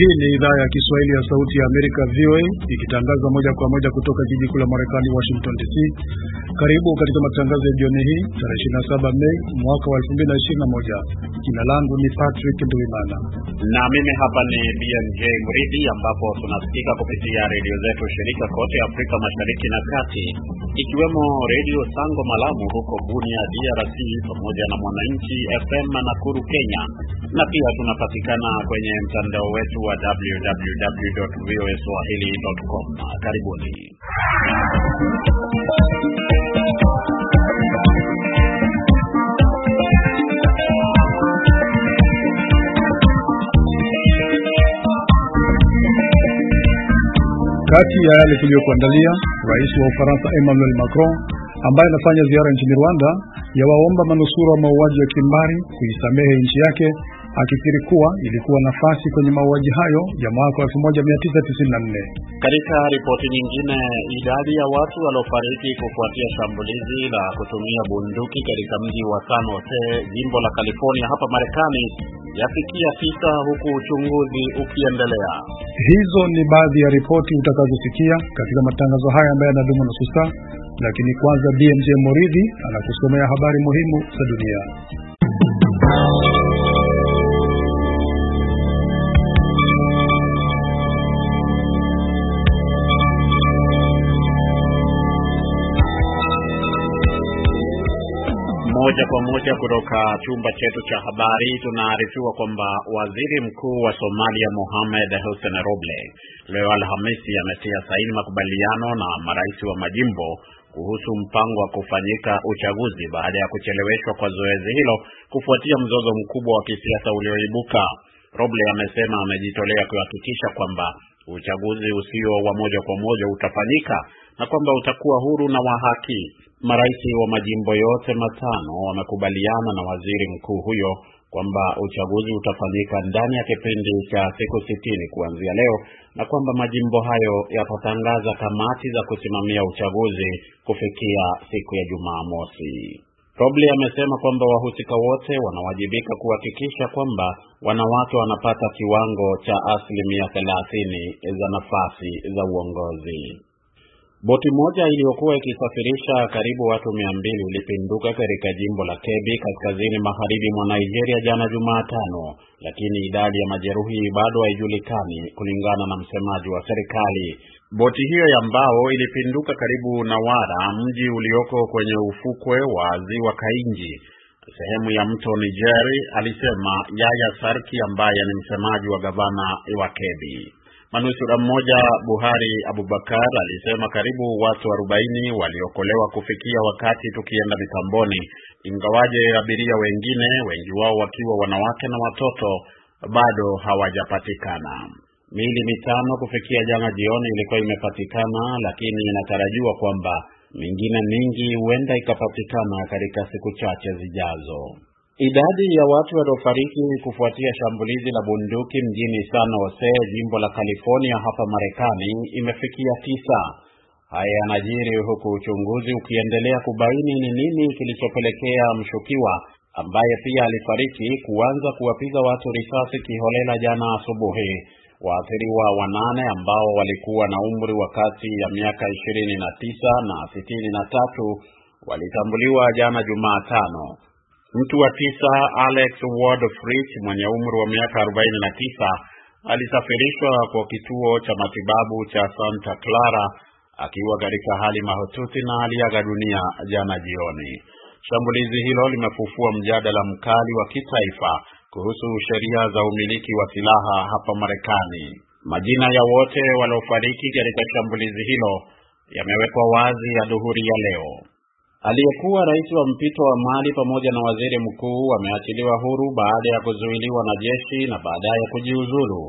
Hii ni idhaa ya Kiswahili ya Sauti ya Amerika, VOA, ikitangaza moja kwa moja kutoka jiji kuu la Marekani, Washington DC. Karibu katika matangazo ya jioni hii tarehe 27 Mei mwaka wa 2021. Jina langu ni Patrick Nduimana na mimi hapa ni BMJ Mridhi, ambapo tunasikika kupitia redio zetu shirika kote Afrika Mashariki na Kati, ikiwemo Redio Sango Malamu huko Bunia, DRC, pamoja na Mwananchi FM Nakuru, Kenya, na pia tunapatikana kwenye mtandao wetu wa www.voaswahili.com. Karibuni. Kati ya yale tuliyokuandalia, rais wa Ufaransa Emmanuel Macron ambaye anafanya ziara nchini Rwanda yawaomba manusura wa mauaji ya kimbari kuisamehe nchi yake akikiri kuwa ilikuwa nafasi kwenye mauaji hayo ya mwaka 1994. Katika ripoti nyingine, idadi ya watu waliofariki kufuatia shambulizi la kutumia bunduki katika mji wa San Jose, jimbo la California hapa Marekani yafikia sita huku uchunguzi ukiendelea. Hizo ni baadhi ya ripoti utakazosikia katika matangazo haya ambayo yanadumu nusu saa, lakini kwanza BMJ Moridhi anakusomea habari muhimu za dunia. Moja kwa moja kutoka chumba chetu cha habari tunaarifiwa kwamba waziri mkuu wa Somalia Mohamed Hussein Roble leo Alhamisi ametia saini makubaliano na marais wa majimbo kuhusu mpango wa kufanyika uchaguzi baada ya kucheleweshwa kwa zoezi hilo kufuatia mzozo mkubwa wa kisiasa ulioibuka. Roble amesema amejitolea kuhakikisha kwamba uchaguzi usio wa moja kwa moja utafanyika na kwamba utakuwa huru na wa haki. Marais wa majimbo yote matano wamekubaliana na waziri mkuu huyo kwamba uchaguzi utafanyika ndani ya kipindi cha siku sitini kuanzia leo na kwamba majimbo hayo yatatangaza kamati za kusimamia uchaguzi kufikia siku ya Jumamosi. Robley amesema kwamba wahusika wote wanawajibika kuhakikisha kwamba wanawake wanapata kiwango cha asilimia thelathini za nafasi za uongozi. Boti moja iliyokuwa ikisafirisha karibu watu mia mbili ilipinduka katika jimbo la kebi kaskazini magharibi mwa Nigeria jana Jumatano, lakini idadi ya majeruhi bado haijulikani kulingana na msemaji wa serikali. Boti hiyo ya mbao ilipinduka karibu na Wara, mji ulioko kwenye ufukwe wa Ziwa Kainji, sehemu ya mto nigeri alisema Yaya Sarki ambaye ni msemaji wa gavana wa kebi Manusura mmoja Buhari Abubakar alisema karibu watu arobaini waliokolewa kufikia wakati tukienda mitamboni, ingawaje abiria wengine, wengi wao wakiwa wanawake na watoto, bado hawajapatikana. Miili mitano kufikia jana jioni ilikuwa imepatikana, lakini inatarajiwa kwamba mingine mingi huenda ikapatikana katika siku chache zijazo. Idadi ya watu waliofariki kufuatia shambulizi la bunduki mjini San Jose, jimbo la California hapa Marekani imefikia tisa. Haya yanajiri huku uchunguzi ukiendelea kubaini ni nini kilichopelekea mshukiwa ambaye pia alifariki kuanza kuwapiga watu risasi kiholela jana asubuhi. Waathiriwa wanane ambao walikuwa na umri wa kati ya miaka ishirini na tisa na tatu walitambuliwa jana Jumatano. Mtu wa tisa Alex Ward Fritz mwenye umri wa miaka 49 alisafirishwa kwa kituo cha matibabu cha Santa Clara akiwa katika hali mahututi na aliaga dunia jana jioni. Shambulizi hilo limefufua mjadala mkali wa kitaifa kuhusu sheria za umiliki wa silaha hapa Marekani. Majina ya wote waliofariki katika shambulizi hilo yamewekwa wazi ya dhuhuri ya leo. Aliyekuwa rais wa mpito wa Mali pamoja na waziri mkuu wameachiliwa huru baada ya kuzuiliwa na jeshi na baadaye kujiuzulu.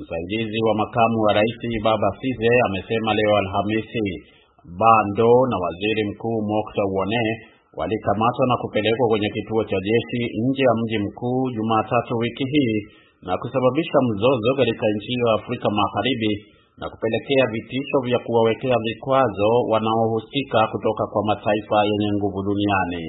Msaidizi wa makamu wa rais Baba Size amesema leo Alhamisi. Bando na waziri mkuu Mokta Wone walikamatwa na kupelekwa kwenye kituo cha jeshi nje ya mji mkuu Jumatatu wiki hii na kusababisha mzozo katika nchi hiyo ya Afrika Magharibi na kupelekea vitisho vya kuwawekea vikwazo wanaohusika kutoka kwa mataifa yenye nguvu duniani.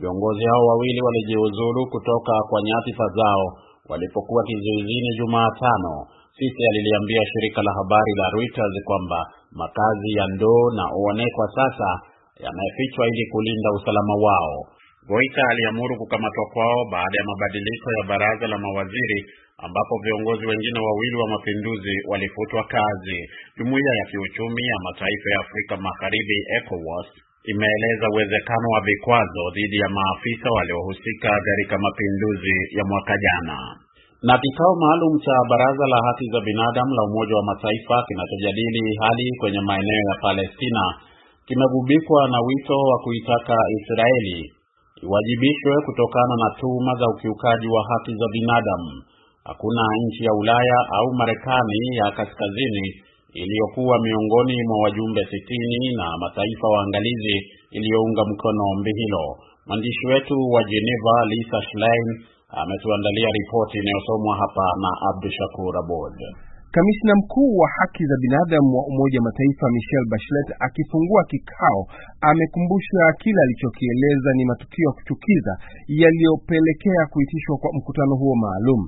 Viongozi hao wawili walijiuzulu kutoka kwa nyadhifa zao walipokuwa kizuizini Jumatano. Sisi aliliambia shirika la habari la Reuters kwamba makazi ya ndoo na uone kwa sasa yamefichwa ili kulinda usalama wao. Goita aliamuru kukamatwa kwao baada ya mabadiliko ya baraza la mawaziri ambapo viongozi wengine wawili wa mapinduzi walifutwa kazi. Jumuiya ya Kiuchumi ya Mataifa ya Afrika Magharibi, ECOWAS, imeeleza uwezekano wa vikwazo dhidi ya maafisa waliohusika katika mapinduzi ya mwaka jana. Na kikao maalum cha Baraza la Haki za Binadamu la Umoja wa Mataifa kinachojadili hali kwenye maeneo ya Palestina kimegubikwa na wito wa kuitaka Israeli iwajibishwe kutokana na tuhuma za ukiukaji wa haki za binadamu. Hakuna nchi ya Ulaya au Marekani ya kaskazini iliyokuwa miongoni mwa wajumbe sitini na mataifa waangalizi iliyounga mkono ombi hilo. Mwandishi wetu wa Geneva Lisa Schlein ametuandalia ripoti inayosomwa hapa na Abdushakur Abod. Kamishna mkuu wa haki za binadamu wa Umoja wa Mataifa Michelle Bachelet akifungua kikao amekumbusha kile alichokieleza ni matukio ya kuchukiza yaliyopelekea kuitishwa kwa mkutano huo maalum.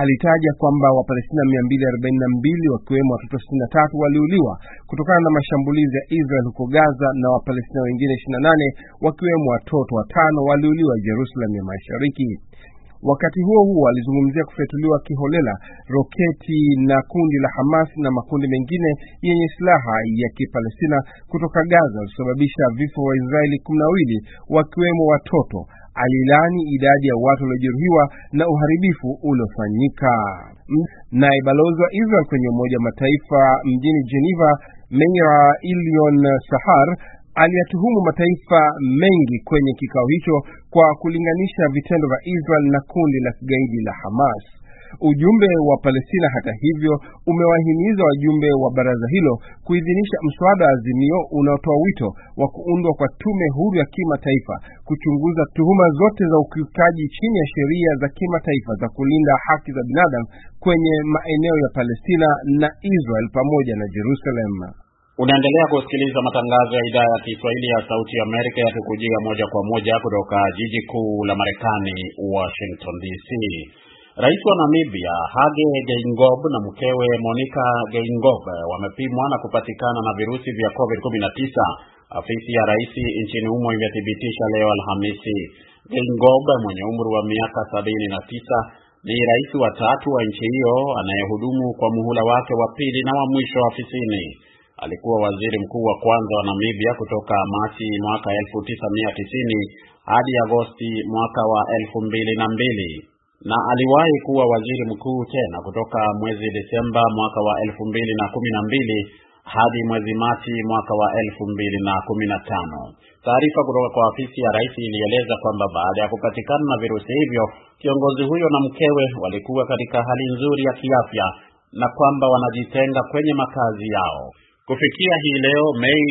Alitaja kwamba Wapalestina 242 wakiwemo watoto 63 waliuliwa kutokana na mashambulizi ya Israel huko Gaza na Wapalestina wengine 28 wakiwemo watoto watano waliuliwa Jerusalem ya Mashariki. Wakati huo huo, alizungumzia kufyatuliwa kiholela roketi na kundi la Hamas na makundi mengine yenye silaha ya Kipalestina kutoka Gaza kusababisha vifo wa Israeli kumi na wawili wakiwemo watoto. Alilani idadi ya watu waliojeruhiwa na uharibifu uliofanyika. Naye balozi wa Israel kwenye Umoja wa Mataifa mjini Geneva, Meira Ilion Sahar aliyatuhumu mataifa mengi kwenye kikao hicho kwa kulinganisha vitendo vya Israel na kundi la kigaidi la Hamas. Ujumbe wa Palestina, hata hivyo, umewahimiza wajumbe wa baraza hilo kuidhinisha mswada wa azimio unaotoa wito wa kuundwa kwa tume huru ya kimataifa kuchunguza tuhuma zote za ukiukaji chini ya sheria za kimataifa za kulinda haki za binadamu kwenye maeneo ya Palestina na Israel pamoja na Jerusalem. Unaendelea kusikiliza matangazo ya idhaa ya Kiswahili ya Sauti Amerika yakikujia moja kwa moja kutoka jiji kuu la Marekani, Washington DC. Rais wa Namibia Hage Geingob na mkewe Monica Geingob wamepimwa na kupatikana na virusi vya COVID-19. Afisi ya rais nchini humo imethibitisha leo Alhamisi. Geingob mwenye umri wa miaka sabini na tisa ni rais wa tatu wa nchi hiyo anayehudumu kwa muhula wake wa pili na wa mwisho afisini alikuwa waziri mkuu wa kwanza wa Namibia kutoka Machi mwaka 1990 hadi Agosti mwaka wa 2002 na aliwahi kuwa waziri mkuu tena kutoka mwezi Desemba mwaka wa 2012 hadi mwezi Machi mwaka wa 2015. Taarifa kutoka kwa afisi ya rais ilieleza kwamba baada ya kupatikana na virusi hivyo, kiongozi huyo na mkewe walikuwa katika hali nzuri ya kiafya na kwamba wanajitenga kwenye makazi yao. Kufikia hii leo Mei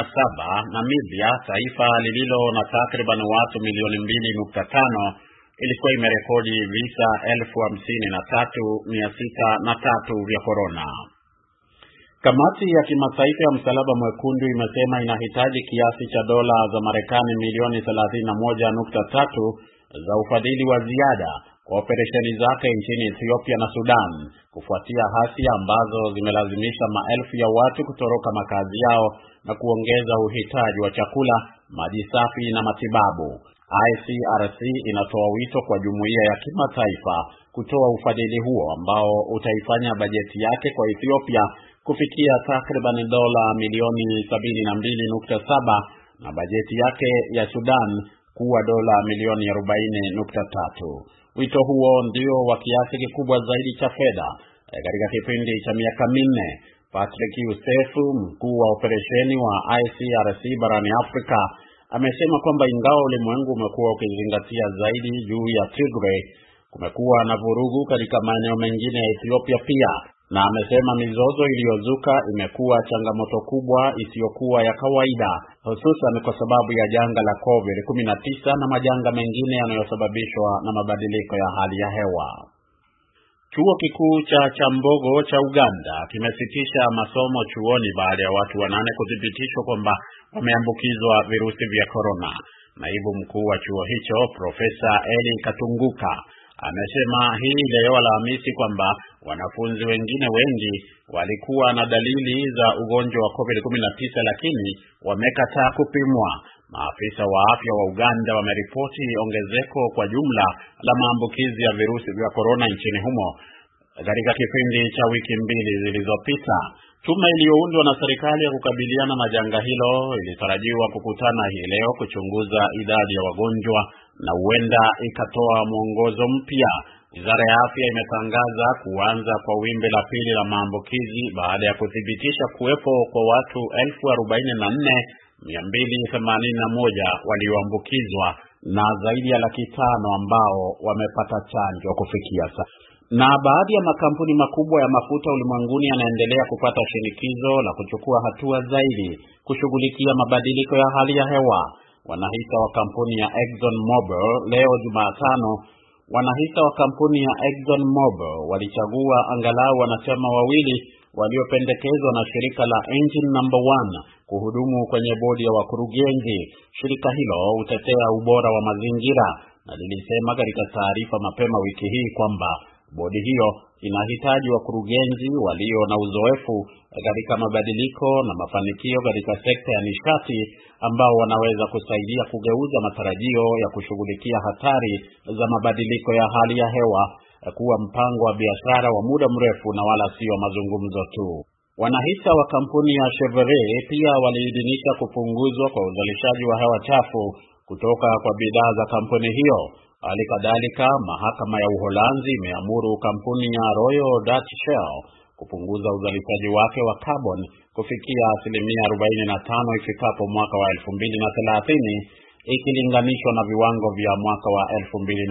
27, Namibia, taifa lililo na takriban watu milioni mbili nukta tano ilikuwa imerekodi visa elfu hamsini na tatu mia sita na tatu vya korona. Kamati ya kimataifa ya Msalaba Mwekundu imesema inahitaji kiasi cha dola za Marekani milioni 31.3 za ufadhili wa ziada kwa operesheni zake nchini Ethiopia na Sudan kufuatia hasia ambazo zimelazimisha maelfu ya watu kutoroka makazi yao na kuongeza uhitaji wa chakula, maji safi na matibabu. ICRC inatoa wito kwa jumuiya ya kimataifa kutoa ufadhili huo ambao utaifanya bajeti yake kwa Ethiopia kufikia takriban dola milioni 72.7 na bajeti yake ya Sudan kuwa dola milioni 40.3. Wito huo ndio wa kiasi kikubwa zaidi cha fedha e, katika kipindi cha miaka minne. Patrick Yusefu, mkuu wa operesheni wa ICRC barani Afrika, amesema kwamba ingawa ulimwengu umekuwa ukizingatia zaidi juu ya tigre kumekuwa na vurugu katika maeneo mengine ya Ethiopia pia na amesema mizozo iliyozuka imekuwa changamoto kubwa isiyokuwa ya kawaida, hususan kwa sababu ya janga la COVID-19 na majanga mengine yanayosababishwa na mabadiliko ya hali ya hewa. Chuo kikuu cha Chambogo cha Uganda kimesitisha masomo chuoni baada ya watu wanane kuthibitishwa kwamba wameambukizwa virusi vya korona. Naibu mkuu wa chuo hicho Profesa Eli Katunguka Amesema hii leo Alhamisi kwamba wanafunzi wengine wengi walikuwa na dalili za ugonjwa wa COVID-19 lakini wamekataa kupimwa. Maafisa wa afya wa Uganda wameripoti ongezeko kwa jumla la maambukizi ya virusi vya korona nchini humo katika kipindi cha wiki mbili zilizopita. Tume iliyoundwa na serikali ya kukabiliana na janga hilo ilitarajiwa kukutana hii leo kuchunguza idadi ya wagonjwa na huenda ikatoa mwongozo mpya. Wizara ya afya imetangaza kuanza kwa wimbi la pili la maambukizi baada ya kuthibitisha kuwepo kwa watu elfu arobaini na nne mia mbili themanini na moja walioambukizwa na zaidi ya laki tano ambao wamepata chanjo kufikia sasa. Na baadhi ya makampuni makubwa ya mafuta ulimwenguni yanaendelea kupata shinikizo la kuchukua hatua zaidi kushughulikia mabadiliko ya hali ya hewa wanahisa wa kampuni ya Exxon Mobil leo Jumatano, wanahisa wa kampuni ya Exxon Mobil walichagua angalau wanachama wawili waliopendekezwa na shirika la Engine Number One kuhudumu kwenye bodi ya wakurugenzi. Shirika hilo hutetea ubora wa mazingira na lilisema katika taarifa mapema wiki hii kwamba bodi hiyo inahitaji wakurugenzi walio na uzoefu katika mabadiliko na mafanikio katika sekta ya nishati ambao wanaweza kusaidia kugeuza matarajio ya kushughulikia hatari za mabadiliko ya hali ya hewa kuwa mpango wa biashara wa muda mrefu na wala sio mazungumzo tu. Wanahisa wa kampuni ya Chevrolet pia waliidhinisha kupunguzwa kwa uzalishaji wa hewa chafu kutoka kwa bidhaa za kampuni hiyo. Hali kadhalika mahakama ya Uholanzi imeamuru kampuni ya Royal Dutch Shell kupunguza uzalishaji wake wa carbon kufikia asilimia 45 ifikapo mwaka wa 2030 ikilinganishwa na viwango vya mwaka wa 2019.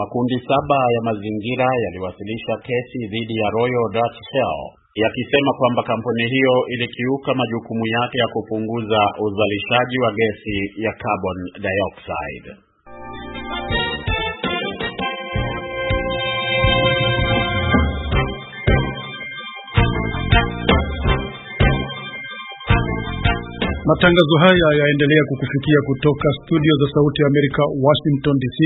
Makundi saba ya mazingira yaliwasilisha kesi dhidi ya Royal Dutch Shell yakisema kwamba kampuni hiyo ilikiuka majukumu yake ya kupunguza uzalishaji wa gesi ya carbon dioxide. Matangazo haya yaendelea kukufikia kutoka studio za Sauti ya Amerika, Washington DC.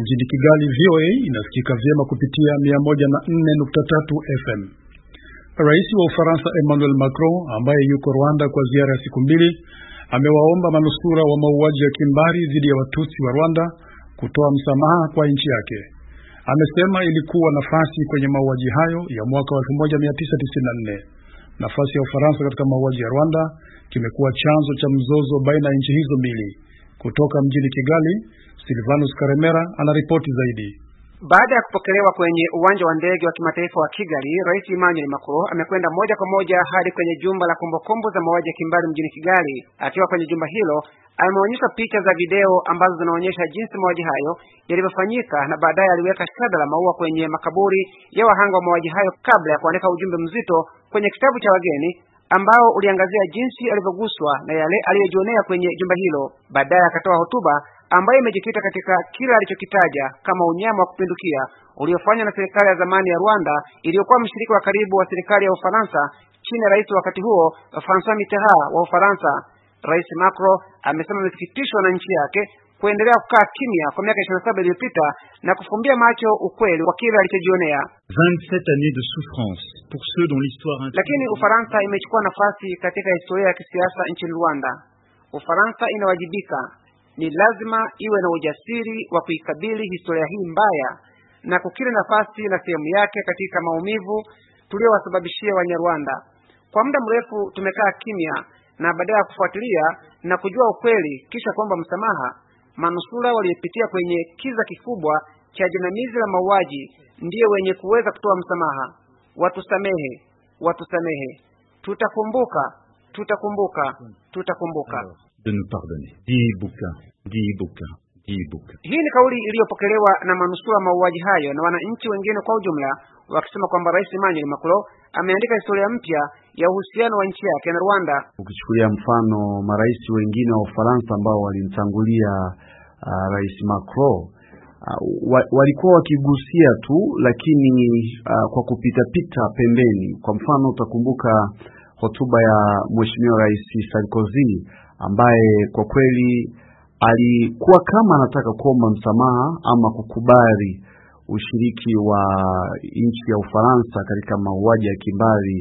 Mjini Kigali, VOA inasikika vyema kupitia 104.3 FM. Rais wa Ufaransa Emmanuel Macron ambaye yuko Rwanda kwa ziara ya siku mbili amewaomba manusura wa mauaji ya kimbari dhidi ya Watusi wa Rwanda kutoa msamaha kwa nchi yake. Amesema ilikuwa nafasi kwenye mauaji hayo ya mwaka wa 1994. Nafasi ya Ufaransa katika mauaji ya Rwanda kimekuwa chanzo cha mzozo baina ya nchi hizo mbili. Kutoka mjini Kigali, Silvanus Karemera anaripoti zaidi. Baada ya kupokelewa kwenye uwanja wa ndege wa kimataifa wa Kigali, Rais Emmanuel Macron amekwenda moja kwa moja hadi kwenye jumba la kumbukumbu za mauaji ya kimbari mjini Kigali. Akiwa kwenye jumba hilo, ameonyesha picha za video ambazo zinaonyesha jinsi mauaji hayo yalivyofanyika, na baadaye aliweka shada la maua kwenye makaburi ya wahanga wa mauaji hayo kabla ya kuandika ujumbe mzito kwenye kitabu cha wageni ambao uliangazia jinsi alivyoguswa na yale aliyojionea kwenye jumba hilo. Baadaye akatoa hotuba ambayo imejikita katika kila alichokitaja kama unyama wa kupindukia uliofanywa na serikali ya zamani ya Rwanda iliyokuwa mshirika wa karibu wa serikali ya Ufaransa chini ya rais wakati huo Francois Mitterrand wa Ufaransa. Rais Macron amesema amesikitishwa na nchi yake kuendelea kukaa kimya kwa miaka saba iliyopita na kufumbia macho ukweli wa kile alichojionea. 27 de pour Lakini Ufaransa imechukua nafasi katika historia ya kisiasa nchini Rwanda. Ufaransa inawajibika, ni lazima iwe na ujasiri wa kuikabili historia hii mbaya na kukiri nafasi na sehemu yake katika maumivu wanye Wanyarwanda. Kwa muda mrefu tumekaa kimya na baadaye ya kufuatilia na kujua ukweli kisha kuomba msamaha manusura waliopitia kwenye kiza kikubwa cha jinamizi la mauaji ndiyo wenye kuweza kutoa msamaha. Watusamehe, watusamehe, tutakumbuka, tutakumbuka, tutakumbuka. Alors, de nous pardonner ebook. Hii ni kauli iliyopokelewa na manusura mauaji hayo na wananchi wengine kwa ujumla, wakisema kwamba Rais Emmanuel Macron ameandika historia mpya ya uhusiano wa nchi yake na Rwanda, ukichukulia mfano marais wengine wa Ufaransa ambao walimtangulia uh, Rais Macron Uh, wa, walikuwa wakigusia tu lakini uh, kwa kupitapita pembeni. Kwa mfano utakumbuka hotuba ya Mheshimiwa Rais Sarkozy ambaye kwa kweli alikuwa kama anataka kuomba msamaha ama kukubali ushiriki wa nchi ya Ufaransa katika mauaji ya kimbari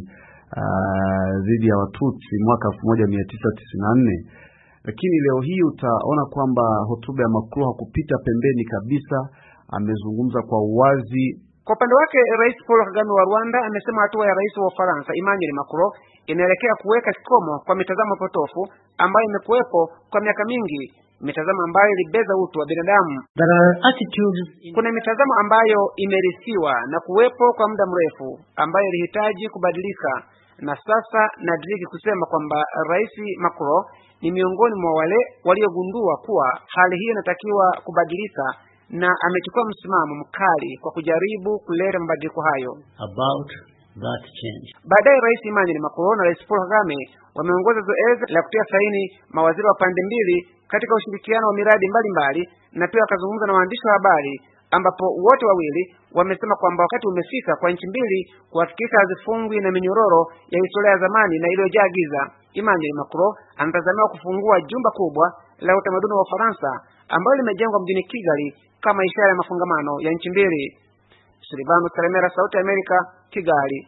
ah, dhidi uh, ya Watutsi mwaka 1994 lakini leo hii utaona kwamba hotuba ya Macron hakupita pembeni kabisa, amezungumza kwa uwazi. Kwa upande wake, Rais Paul Kagame wa Rwanda amesema hatua ya rais wa Ufaransa Emmanuel Macron inaelekea kuweka kikomo kwa mitazamo potofu ambayo imekuwepo kwa miaka mingi mitazamo ambayo ilibeza utu wa binadamu. Kuna mitazamo ambayo imerisiwa na kuwepo kwa muda mrefu ambayo ilihitaji kubadilika, na sasa nadiriki kusema kwamba Rais Macron ni miongoni mwa wale waliogundua kuwa hali hiyo inatakiwa kubadilika na amechukua msimamo mkali kwa kujaribu kuleta mabadiliko hayo about that change. Baadaye Rais Emmanuel Macron na Rais Paul Kagame wameongoza zoezi la kutia saini mawaziri wa pande mbili katika ushirikiano wa miradi mbalimbali mbali, na pia wakazungumza na waandishi wa habari ambapo wote wawili wamesema kwamba wakati umefika kwa nchi mbili kuhakikisha hazifungwi na minyororo ya historia ya zamani na iliyojaa giza. Emmanuel Macron anatazamiwa kufungua jumba kubwa la utamaduni wa Ufaransa ambalo limejengwa mjini Kigali kama ishara ya mafungamano ya nchi mbili. Silvano Karemera, Sauti ya Amerika, Kigali.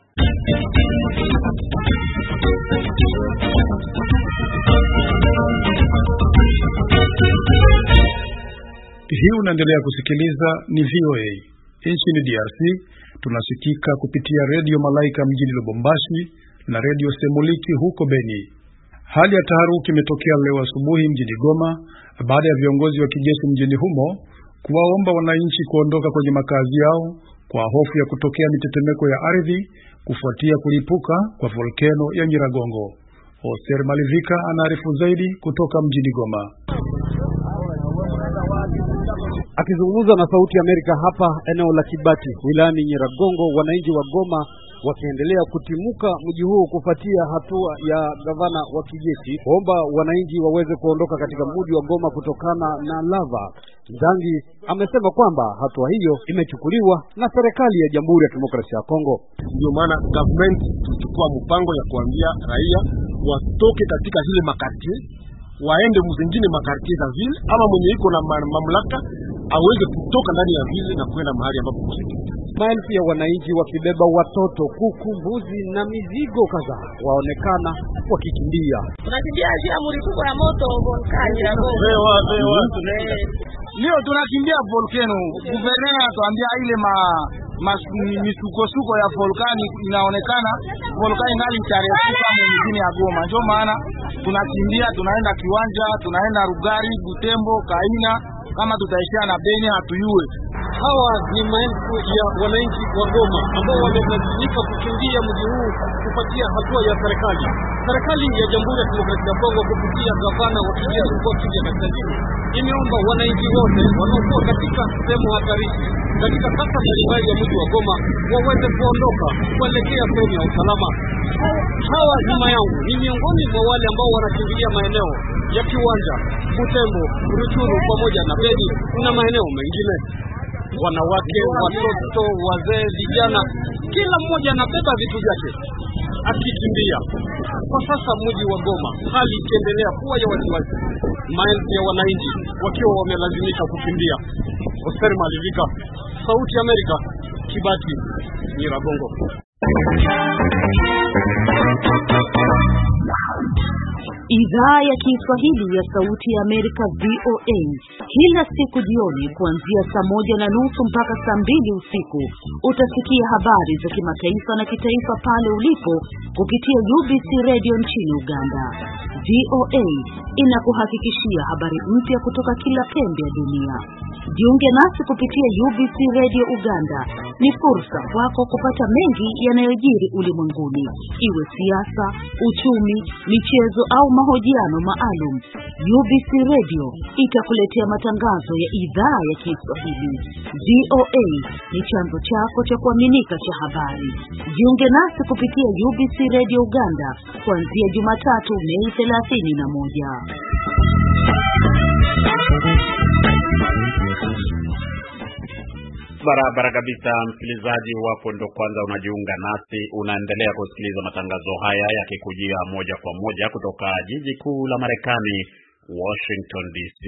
Hii unaendelea kusikiliza ni VOA. Nchini DRC tunasikika kupitia redio Malaika mjini Lubumbashi na redio Semuliki huko Beni. Hali ya taharuki imetokea leo asubuhi mjini Goma baada ya viongozi wa kijeshi mjini humo kuwaomba wananchi kuondoka kwenye makazi yao kwa hofu ya kutokea mitetemeko ya ardhi kufuatia kulipuka kwa volkeno ya Nyiragongo. Hoser Malivika anaarifu zaidi kutoka mjini Goma. Akizungumza na Sauti ya Amerika hapa eneo la Kibati wilayani Nyiragongo, wananchi wa Goma wakiendelea kutimuka mji huo kufuatia hatua ya gavana wa kijeshi kuomba wananchi waweze kuondoka katika mji wa Goma kutokana na lava. Nzangi amesema kwamba hatua hiyo imechukuliwa na serikali ya Jamhuri ya Kidemokrasia ya Kongo. Ndio maana government tulichukua mpango ya kuambia raia watoke katika zile makartie waende mzingine makartie za vile, ama mwenye iko na mamlaka aweze kutoka ndani ya vile na kwenda mahali ambapo Maelfu ya wananchi wakibeba watoto, kuku, mbuzi na mizigo kadhaa waonekana wakikimbia. Tunakimbia jia mlipuko ya moto volkani Gogo. Hmm. leo, tunakimbia volkeno. Guverneur atuambia ile ma misukosuko ya volkani inaonekana, volkani ngali itarefuka mjini ya Goma. Ndio maana tunakimbia, tunaenda Kiwanja, tunaenda Rugari, Butembo, Kaina kama tutaishia na beni hatuyue. Hawa ni maelfu ya wananchi wa Goma ambao wamelazimika kukimbia mji huu kupatia hatua ya serikali. Serikali ya Jamhuri ya Kidemokrasia ya Kongo kupitia gavana wa Kivu wa Kivu Kaskazini imeomba wananchi wote wanaokuwa katika sehemu hatarishi katika kata mbalimbali ya mji wa Goma waweze kuondoka kuelekea sehemu ya usalama. Hawa nyuma yangu ni miongoni mwa wale ambao wanakimbilia maeneo ya Kiwanja, Butembo, Ruchuru pamoja na Magogeni kuna maeneo mengine. Wanawake, watoto, wazee, vijana, kila mmoja anabeba vitu vyake akikimbia. Kwa sasa mji wa Goma, hali ikiendelea kuwa ya wasiwasi, maelfu ya wananchi wakiwa wamelazimika kukimbia. Hoser Malivika, Sauti ya Amerika, Kibati, Nyiragongo idhaa ya Kiswahili ya Sauti ya Amerika, VOA, kila siku jioni kuanzia saa moja na nusu mpaka saa mbili usiku utasikia habari za kimataifa na kitaifa pale ulipo kupitia UBC Radio nchini Uganda. VOA inakuhakikishia habari mpya kutoka kila pembe ya dunia. Jiunge nasi kupitia UBC Radio Uganda. Ni fursa kwako kupata mengi yanayojiri ulimwenguni, iwe siasa, uchumi, michezo au mahojiano maalum. UBC Radio itakuletea matangazo ya idhaa ya Kiswahili. VOA ni chanzo chako cha kuaminika cha habari. Jiunge nasi kupitia UBC Radio Uganda kuanzia Jumatatu Mei 31. Barabara kabisa, msikilizaji, wapo ndo kwanza unajiunga nasi, unaendelea kusikiliza matangazo haya yakikujia moja kwa moja kutoka jiji kuu la Marekani, Washington DC.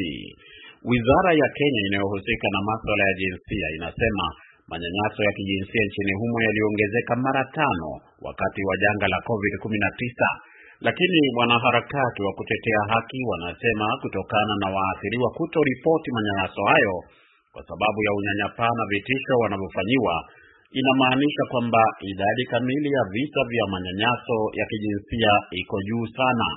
Wizara ya Kenya inayohusika na maswala ya jinsia inasema manyanyaso ya kijinsia nchini humo yaliongezeka mara tano wakati wa janga la COVID-19, lakini wanaharakati wa kutetea haki wanasema kutokana na waathiriwa kutoripoti manyanyaso hayo kwa sababu ya unyanyapaa na vitisho wanavyofanyiwa, inamaanisha kwamba idadi kamili ya visa vya manyanyaso ya kijinsia iko juu sana.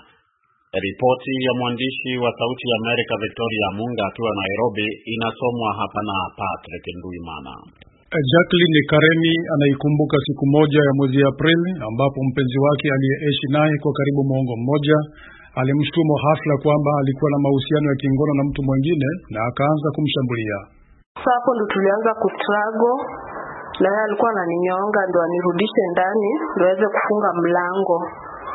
Ripoti ya mwandishi wa Sauti ya Amerika Victoria Munga akiwa Nairobi inasomwa hapa na Patrick Nduimana. Jacqueline Karemi anaikumbuka siku moja ya mwezi Aprili ambapo mpenzi wake aliyeishi naye kwa karibu mwongo mmoja alimshtumu hafla kwamba alikuwa na mahusiano ya kingono na mtu mwingine na akaanza kumshambulia. Sasa hapo ndo tulianza kustrago na yeye alikuwa ananinyonga ndo anirudishe ndani ndo aweze kufunga mlango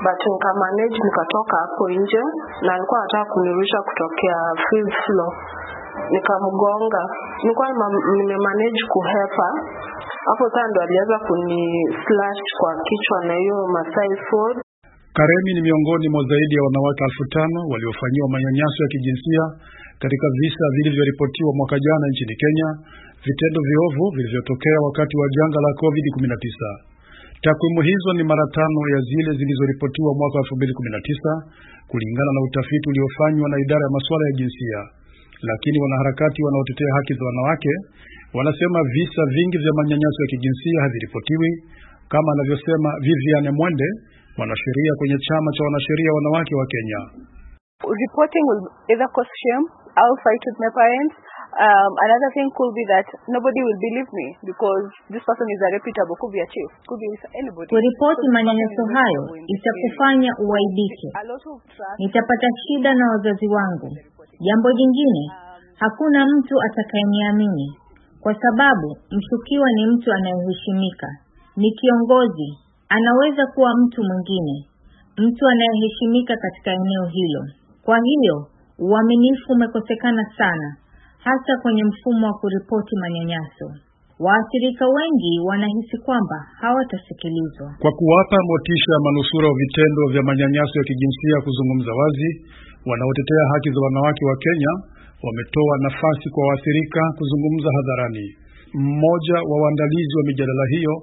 but manage nikatoka hapo nje na alikuwa anataka kunirusha kutokea fifth floor nikamgonga nilikuwa manage kuhepa hapo sasa ndo alianza slash kwa kichwa na hiyo masai ford Karemi ni miongoni mwa zaidi ya wanawake elfu tano waliofanyiwa manyanyaso ya kijinsia katika visa vilivyoripotiwa mwaka jana nchini Kenya, vitendo viovu vilivyotokea wakati wa janga la COVID-19. Takwimu hizo ni mara tano ya zile zilizoripotiwa mwaka 2019 kulingana na utafiti uliofanywa na idara ya masuala ya jinsia. Lakini wanaharakati wanaotetea haki za wanawake wanasema visa vingi vya manyanyaso ya kijinsia haviripotiwi, kama anavyosema Viviane Mwende, mwanasheria kwenye chama cha wanasheria wanawake wa Kenya. Reporting will either cause shame I'll fight with my parents. Um, another thing could be that nobody will believe me because this person is a reputable, could be a chief, could be anybody. Kuripoti manyanyaso hayo itakufanya uaibike. Nitapata shida na wazazi wangu. Jambo jingine, hakuna mtu atakayeniamini kwa sababu mshukiwa ni mtu anayeheshimika, ni kiongozi, anaweza kuwa mtu mwingine, mtu anayeheshimika katika eneo hilo. Kwa hiyo Uaminifu umekosekana sana, hasa kwenye mfumo wa kuripoti manyanyaso. Waathirika wengi wanahisi kwamba hawatasikilizwa. Kwa kuwapa motisha ya manusura wa vitendo vya manyanyaso ya kijinsia kuzungumza wazi, wanaotetea haki za wanawake wa Kenya wametoa nafasi kwa waathirika kuzungumza hadharani. Mmoja wa waandalizi wa mijadala hiyo,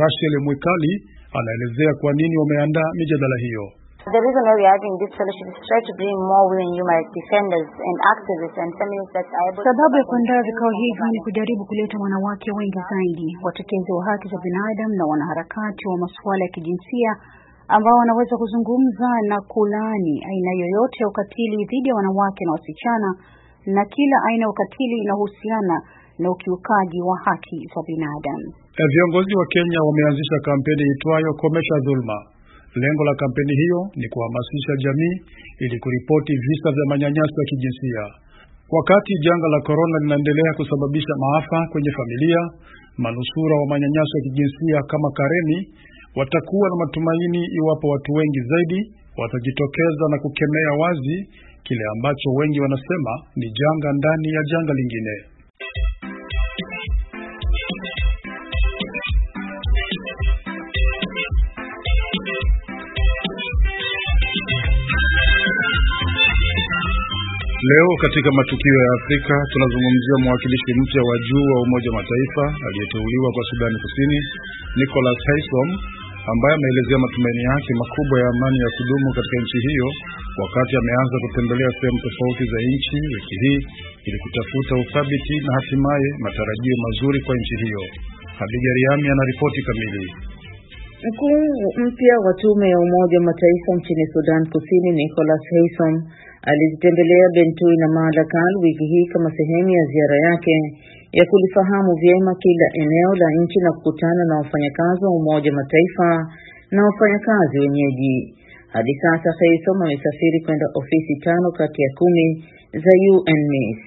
Rachel Mwikali, anaelezea kwa nini wameandaa mijadala hiyo. The reason why we are having this fellowship is try to bring more women human rights defenders and activists and feminists that are able. Sababu ya kuandaa vikao hivi ni kujaribu kuleta wanawake wengi zaidi, watetezi wa haki za binadamu na wanaharakati wa masuala ya kijinsia ambao wanaweza kuzungumza na kulaani aina yoyote ya ukatili dhidi ya wanawake na wasichana na kila aina ya ukatili inahusiana na ukiukaji wa haki za binadamu. Eh, viongozi wa Kenya wameanzisha kampeni itwayo Komesha Dhulma. Lengo la kampeni hiyo ni kuhamasisha jamii ili kuripoti visa vya manyanyaso ya kijinsia. Wakati janga la korona linaendelea kusababisha maafa kwenye familia, manusura wa manyanyaso ya kijinsia kama Kareni watakuwa na matumaini iwapo watu wengi zaidi watajitokeza na kukemea wazi kile ambacho wengi wanasema ni janga ndani ya janga lingine. Leo katika matukio ya Afrika tunazungumzia mwakilishi mpya wa juu wa Umoja wa Mataifa aliyeteuliwa kwa Sudani Kusini, Nicholas Haysom, ambaye ameelezea matumaini yake makubwa ya amani ya kudumu katika nchi hiyo, wakati ameanza kutembelea sehemu tofauti za nchi wiki hii ili kutafuta uthabiti na hatimaye matarajio mazuri kwa nchi hiyo. Hadija Riami ana ripoti kamili. Mkuu mpya wa tume ya Umoja wa Mataifa nchini Sudan Kusini, Nicholas Haysom alizitembelea Bentui na Malakal wiki hii kama sehemu ya ziara yake ya kulifahamu vyema kila eneo la nchi na kukutana na wafanyakazi wa Umoja wa Mataifa na wafanyakazi wenyeji. Hadi sasa Haysom amesafiri kwenda ofisi tano kati ya kumi za UNMISS.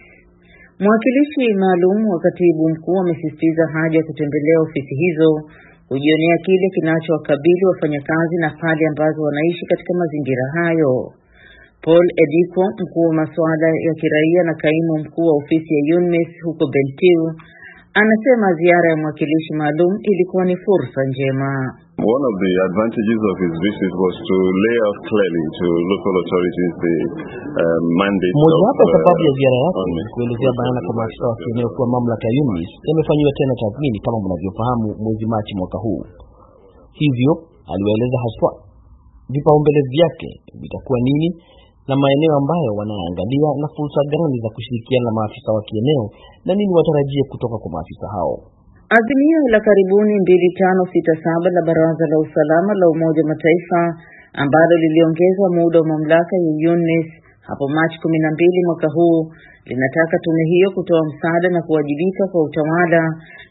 Mwakilishi maalum wa katibu mkuu amesisitiza haja ya kutembelea ofisi hizo kujionea kile kinachowakabili wafanyakazi na pale ambazo wanaishi katika mazingira hayo. Paul Ediko, mkuu wa masuala ya kiraia na kaimu mkuu wa ofisi ya UNMISS huko Bentiu, anasema ziara ya mwakilishi maalum ilikuwa ni fursa njema. One of the advantages of his visit was to lay out clearly to local authorities the uh, um, mandate. Mojawapo sababu ya uh, ziara yake kuelezea bayana kwa maafisa wa kieneo kuwa mamlaka ya UMNIS yamefanyiwa tena tathmini kama mnavyofahamu mwezi Machi mwaka huu. Hivyo aliwaeleza haswa vipaumbele vyake vitakuwa nini na maeneo ambayo wanaangalia na fursa gani za kushirikiana na maafisa wa kieneo na nini watarajie kutoka kwa maafisa hao. Azimio la karibuni 2567 la Baraza la Usalama la Umoja wa Mataifa ambalo liliongeza muda wa mamlaka ya UNMISS hapo Machi 12 mwaka huu linataka tume hiyo kutoa msaada na kuwajibika kwa utawala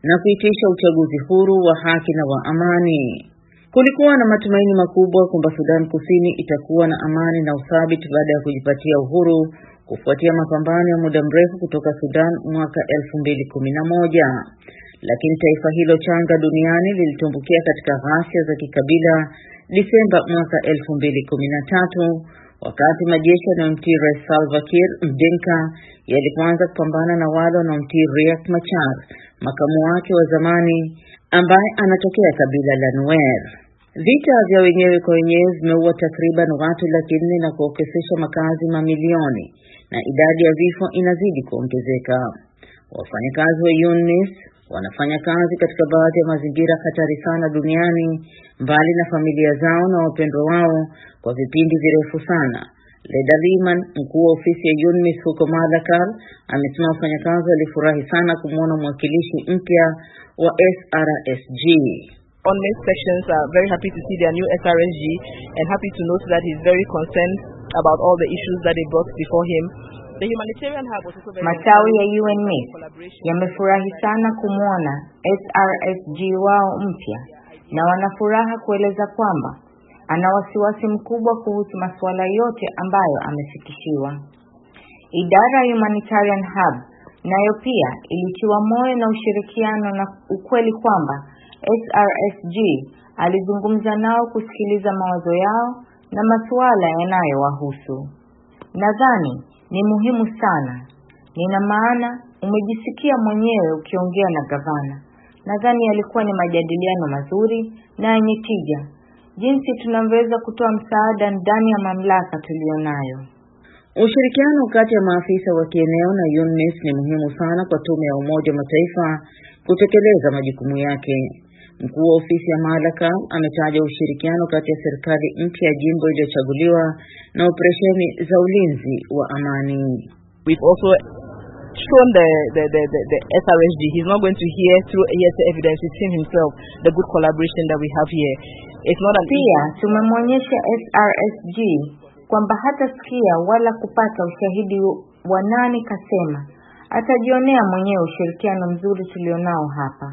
na kuitisha uchaguzi huru wa haki na wa amani. Kulikuwa na matumaini makubwa kwamba Sudan Kusini itakuwa na amani na uthabiti baada ya kujipatia uhuru kufuatia mapambano ya muda mrefu kutoka Sudan mwaka 2011 lakini taifa hilo changa duniani lilitumbukia katika ghasia za kikabila Disemba mwaka 2013 wakati majeshi yanayomtii Rais Salva Kiir Mdinka yalipoanza kupambana na wale wanaomtii Riek Machar, makamu wake wa zamani ambaye anatokea kabila la Nuer. Vita vya wenyewe kwa wenyewe vimeua takriban watu laki nne na kuokesesha makazi mamilioni na idadi ya vifo inazidi kuongezeka. Wafanyakazi wa UNMISS wanafanya kazi katika baadhi ya mazingira hatari sana duniani, mbali na familia zao na wapendwa wao kwa vipindi virefu sana. Leda Liman, mkuu wa ofisi ya UNMISS huko Madagascar, amesema wafanyakazi walifurahi sana kumwona mwakilishi mpya wa SRSG. Onmez sections are very happy to see their new SRSG and happy to note that he is very concerned about all the issues that they brought before him. Matawi ya UN e yamefurahi sana kumwona SRSG wao mpya na wanafuraha kueleza kwamba ana wasiwasi mkubwa kuhusu masuala yote ambayo amefikishiwa. Idara ya Humanitarian Hub nayo pia ilitiwa moyo na ushirikiano na ukweli kwamba SRSG alizungumza nao kusikiliza mawazo yao na masuala yanayowahusu. Nadhani ni muhimu sana. Nina maana umejisikia mwenyewe ukiongea na gavana. Nadhani yalikuwa ni majadiliano mazuri na yenye tija, jinsi tunavyoweza kutoa msaada ndani ya mamlaka tuliyonayo. Ushirikiano kati ya maafisa wa kieneo na UNMISS ni muhimu sana kwa Tume ya Umoja wa Mataifa kutekeleza majukumu yake. Mkuu wa ofisi ya Malaka ametaja ushirikiano kati ya serikali mpya ya jimbo iliyochaguliwa na operesheni za ulinzi wa amani. We've also shown the the the the, the SRSG he's not going to hear through hearsay evidence he's seen himself the good collaboration that we have here. It's not an pia tumemwonyesha SRSG kwamba hata sikia wala kupata ushahidi wa nani kasema, atajionea mwenyewe ushirikiano mzuri tulionao hapa.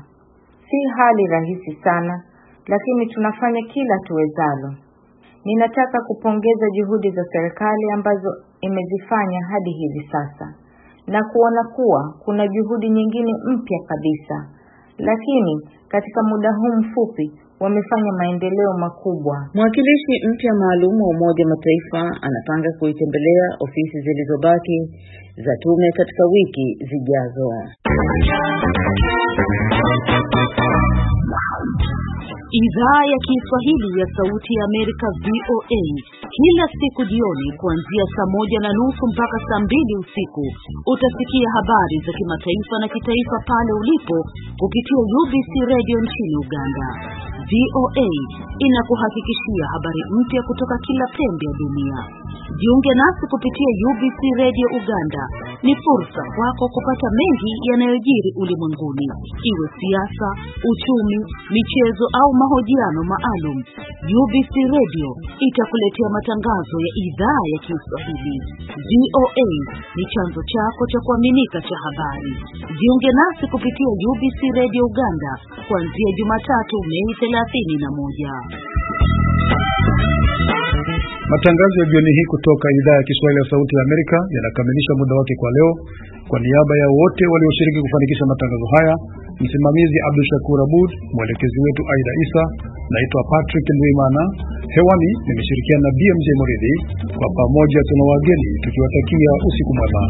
Si hali rahisi sana, lakini tunafanya kila tuwezalo. Ninataka kupongeza juhudi za serikali ambazo imezifanya hadi hivi sasa na kuona kuwa kuna juhudi nyingine mpya kabisa, lakini katika muda huu mfupi wamefanya maendeleo makubwa. Mwakilishi mpya maalum wa Umoja wa Mataifa anapanga kuitembelea ofisi zilizobaki za tume katika wiki zijazo. Idhaa ya Kiswahili ya Sauti ya Amerika VOA kila siku jioni kuanzia saa moja na nusu mpaka saa mbili usiku utasikia habari za kimataifa na kitaifa pale ulipo kupitia UBC Radio nchini Uganda. VOA inakuhakikishia habari mpya kutoka kila pembe ya dunia. Jiunge nasi kupitia UBC Radio Uganda. Ni fursa kwako kupata mengi yanayojiri ulimwenguni, iwe siasa, uchumi, michezo au mahojiano maalum. UBC Radio itakuletea matangazo ya idhaa ya Kiswahili. VOA ni chanzo chako cha kuaminika cha habari. Jiunge nasi kupitia UBC Radio Uganda kuanzia Jumatatu Mei 31. Matangazo ya jioni hii kutoka idhaa ya Kiswahili ya Sauti ya Amerika yanakamilisha muda wake kwa leo. Kwa niaba ya wote walioshiriki kufanikisha matangazo haya Msimamizi Abdu Shakur Abud, mwelekezi wetu Aida Isa. Naitwa Patrick Ndwimana, hewani nimeshirikiana na BMJ Moridhi. Kwa pamoja tuna wageni tukiwatakia usiku mwema.